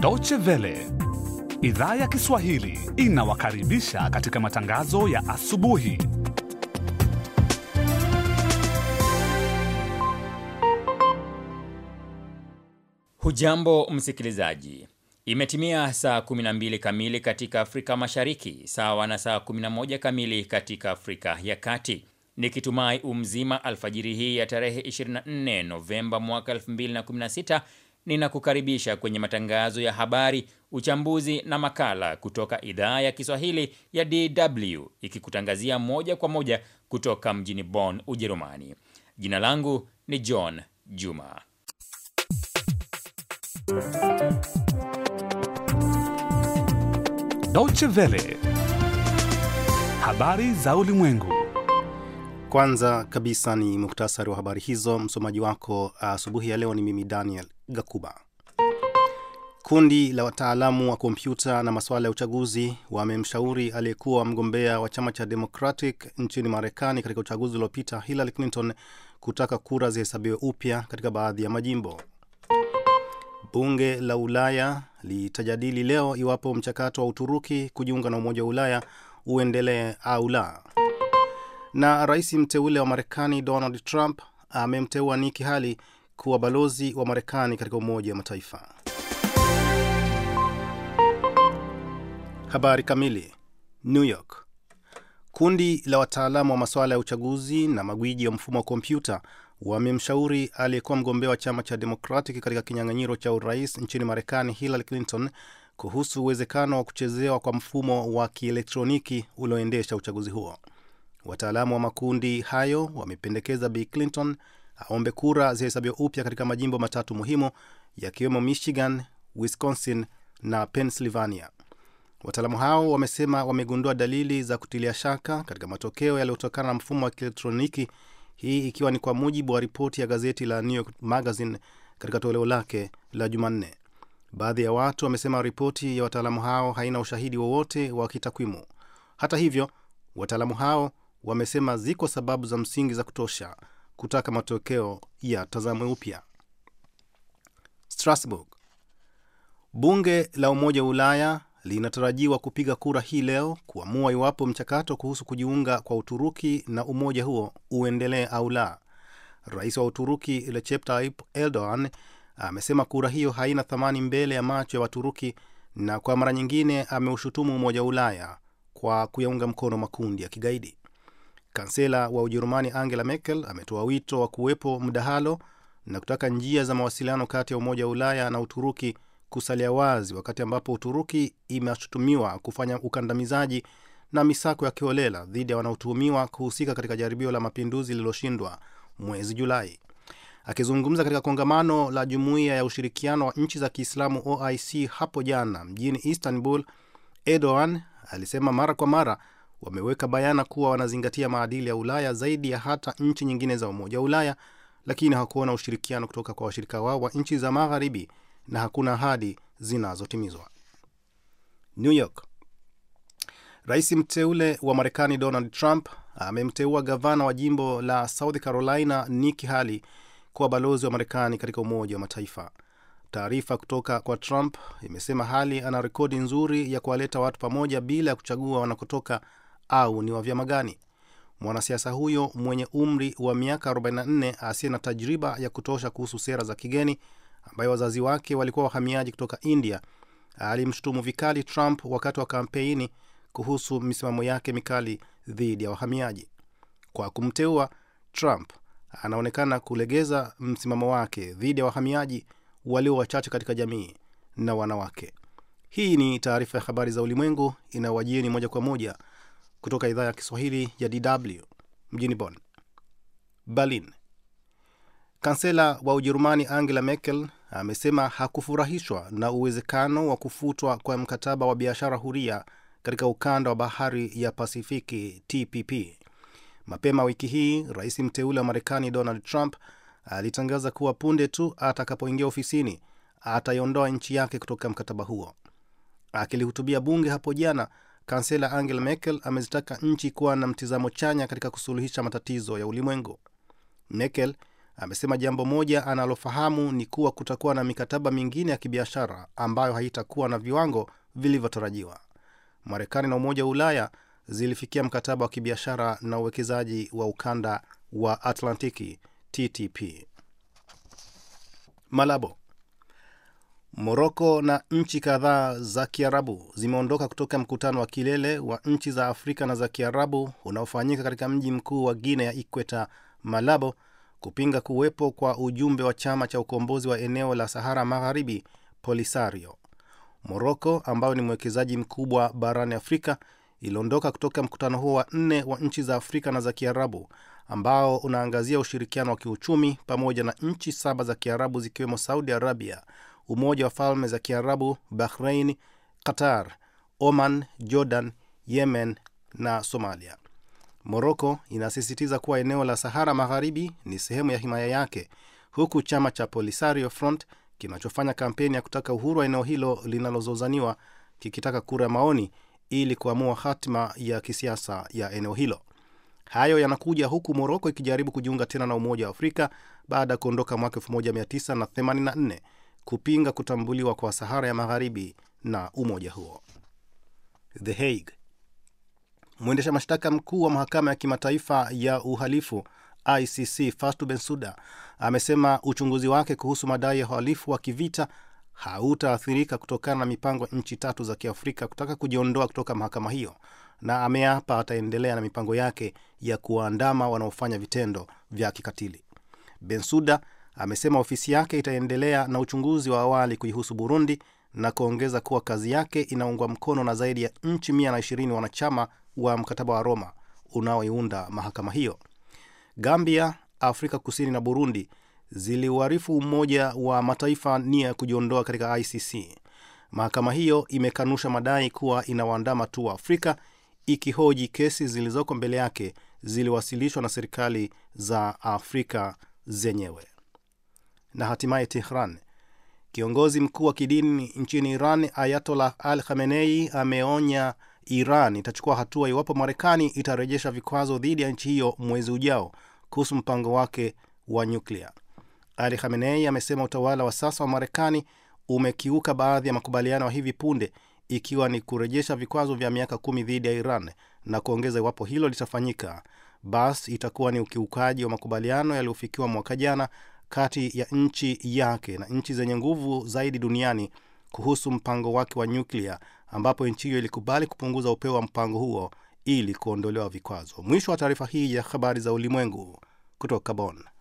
Deutsche Welle idhaa ya Kiswahili inawakaribisha katika matangazo ya asubuhi. Hujambo msikilizaji, imetimia saa 12 kamili katika Afrika Mashariki, sawa na saa 11 kamili katika Afrika ya Kati. Nikitumai umzima alfajiri hii ya tarehe 24 Novemba mwaka 2016, ninakukaribisha kwenye matangazo ya habari, uchambuzi na makala kutoka idhaa ya Kiswahili ya DW ikikutangazia moja kwa moja kutoka mjini Bonn, Ujerumani. Jina langu ni John Juma. Deutsche Welle, habari za ulimwengu. Kwanza kabisa ni muktasari wa habari hizo. Msomaji wako uh, asubuhi uh, ya leo ni mimi Daniel Gakuba. Kundi la wataalamu wa kompyuta na masuala ya uchaguzi wamemshauri aliyekuwa mgombea wa chama cha Democratic nchini Marekani katika uchaguzi uliopita Hillary Clinton kutaka kura zihesabiwe upya katika baadhi ya majimbo. Bunge la Ulaya litajadili leo iwapo mchakato wa Uturuki kujiunga na Umoja wa Ulaya uendelee au la. Na rais mteule wa Marekani Donald Trump amemteua Nikki Haley kuwa balozi wa Marekani katika Umoja wa Mataifa. Habari kamili. New York. Kundi la wataalamu wa masuala ya uchaguzi na magwiji ya mfumo wa kompyuta wamemshauri aliyekuwa mgombea wa chama cha Democratic katika kinyang'anyiro cha urais nchini Marekani, Hillary Clinton, kuhusu uwezekano wa kuchezewa kwa mfumo wa kielektroniki ulioendesha uchaguzi huo. Wataalamu wa makundi hayo wamependekeza Bi Clinton aombe kura zihesabiwe upya katika majimbo matatu muhimu yakiwemo Michigan, Wisconsin na Pennsylvania. Wataalamu hao wamesema wamegundua dalili za kutilia shaka katika matokeo yaliyotokana na mfumo wa kielektroniki, hii ikiwa ni kwa mujibu wa ripoti ya gazeti la New York Magazine katika toleo lake la Jumanne. Baadhi ya watu wamesema ripoti ya wataalamu hao haina ushahidi wowote wa, wa kitakwimu. Hata hivyo, wataalamu hao wamesema ziko sababu za msingi za kutosha kutaka matokeo ya tazamwe upya. Strasbourg. Bunge la Umoja wa Ulaya linatarajiwa kupiga kura hii leo kuamua iwapo mchakato kuhusu kujiunga kwa Uturuki na umoja huo uendelee au la. Rais wa Uturuki Recep Tayyip Erdogan amesema kura hiyo haina thamani mbele ya macho ya Waturuki na kwa mara nyingine ameushutumu Umoja wa Ulaya kwa kuyaunga mkono makundi ya kigaidi. Kansela wa Ujerumani Angela Merkel ametoa wito wa kuwepo mdahalo na kutaka njia za mawasiliano kati ya Umoja wa Ulaya na Uturuki kusalia wazi, wakati ambapo Uturuki imeshutumiwa kufanya ukandamizaji na misako ya kiholela dhidi ya wanaotuhumiwa kuhusika katika jaribio la mapinduzi lililoshindwa mwezi Julai. Akizungumza katika kongamano la Jumuiya ya Ushirikiano wa Nchi za Kiislamu OIC hapo jana mjini Istanbul, Erdogan alisema mara kwa mara wameweka bayana kuwa wanazingatia maadili ya Ulaya zaidi ya hata nchi nyingine za Umoja wa Ulaya, lakini hakuona ushirikiano kutoka kwa washirika wao wa nchi za Magharibi na hakuna ahadi zinazotimizwa. New York. Rais mteule wa Marekani Donald Trump amemteua gavana wa jimbo la South Carolina Nikki Haley kuwa balozi wa Marekani katika Umoja wa Mataifa. Taarifa kutoka kwa Trump imesema Haley ana rekodi nzuri ya kuwaleta watu pamoja bila ya kuchagua wanakotoka au ni wa vyama gani. Mwanasiasa huyo mwenye umri wa miaka 44 asiye na tajriba ya kutosha kuhusu sera za kigeni, ambaye wazazi wake walikuwa wahamiaji kutoka India, alimshutumu vikali Trump wakati wa kampeni kuhusu misimamo yake mikali dhidi ya wahamiaji. Kwa kumteua Trump, anaonekana kulegeza msimamo wake dhidi ya wahamiaji walio wachache katika jamii na wanawake. Hii ni taarifa ya habari za ulimwengu inayowajieni moja kwa moja kutoka idhaa ya Kiswahili ya DW mjini Bonn. Berlin. Kansela wa Ujerumani Angela Merkel amesema hakufurahishwa na uwezekano wa kufutwa kwa mkataba wa biashara huria katika ukanda wa bahari ya Pasifiki TPP. Mapema wiki hii, rais mteule wa Marekani Donald Trump alitangaza kuwa punde tu atakapoingia ofisini ataiondoa nchi yake kutoka mkataba huo. Akilihutubia bunge hapo jana, kansela angela merkel amezitaka nchi kuwa na mtizamo chanya katika kusuluhisha matatizo ya ulimwengu merkel amesema jambo moja analofahamu ni kuwa kutakuwa na mikataba mingine ya kibiashara ambayo haitakuwa na viwango vilivyotarajiwa marekani na umoja wa ulaya zilifikia mkataba wa kibiashara na uwekezaji wa ukanda wa atlantiki ttp malabo Moroko na nchi kadhaa za Kiarabu zimeondoka kutoka mkutano wa kilele wa nchi za Afrika na za Kiarabu unaofanyika katika mji mkuu wa Guinea ya Ikweta, Malabo, kupinga kuwepo kwa ujumbe wa chama cha ukombozi wa eneo la Sahara Magharibi, Polisario. Moroko ambayo ni mwekezaji mkubwa barani Afrika iliondoka kutoka mkutano huo wa nne wa nchi za Afrika na za Kiarabu ambao unaangazia ushirikiano wa kiuchumi pamoja na nchi saba za Kiarabu zikiwemo Saudi Arabia, Umoja wa Falme za Kiarabu, Bahrain, Qatar, Oman, Jordan, Yemen na Somalia. Moroko inasisitiza kuwa eneo la Sahara Magharibi ni sehemu ya himaya yake, huku chama cha Polisario Front kinachofanya kampeni ya kutaka uhuru wa eneo hilo linalozozaniwa kikitaka kura ya maoni ili kuamua hatima ya kisiasa ya eneo hilo. Hayo yanakuja huku Moroko ikijaribu kujiunga tena na Umoja wa Afrika baada ya kuondoka mwaka 1984 kupinga kutambuliwa kwa Sahara ya Magharibi na umoja huo. The Hague. Mwendesha mashtaka mkuu wa mahakama ya kimataifa ya uhalifu ICC Fatou Bensouda amesema uchunguzi wake kuhusu madai ya uhalifu wa kivita hautaathirika kutokana na mipango nchi tatu za Kiafrika kutaka kujiondoa kutoka mahakama hiyo, na ameapa ataendelea na mipango yake ya kuwaandama wanaofanya vitendo vya kikatili. Bensuda amesema ofisi yake itaendelea na uchunguzi wa awali kuihusu Burundi na kuongeza kuwa kazi yake inaungwa mkono na zaidi ya nchi 120 wanachama wa mkataba wa Roma unaoiunda mahakama hiyo. Gambia, Afrika Kusini na Burundi ziliuarifu Umoja wa Mataifa nia ya kujiondoa katika ICC. Mahakama hiyo imekanusha madai kuwa inawaandama tu wa Afrika, ikihoji kesi zilizoko mbele yake ziliwasilishwa na serikali za Afrika zenyewe na hatimaye Tehran. Kiongozi mkuu wa kidini nchini Iran Ayatollah Al Khamenei ameonya Iran itachukua hatua iwapo Marekani itarejesha vikwazo dhidi ya nchi hiyo mwezi ujao kuhusu mpango wake wa nyuklia. Ali Khamenei amesema utawala wa sasa wa Marekani umekiuka baadhi ya makubaliano ya hivi punde, ikiwa ni kurejesha vikwazo vya miaka kumi dhidi ya Iran na kuongeza, iwapo hilo litafanyika, basi itakuwa ni ukiukaji wa makubaliano yaliyofikiwa mwaka jana kati ya nchi yake na nchi zenye nguvu zaidi duniani kuhusu mpango wake wa nyuklia, ambapo nchi hiyo ilikubali kupunguza upeo wa mpango huo ili kuondolewa vikwazo. Mwisho wa taarifa hii ya habari za ulimwengu kutoka Bonn.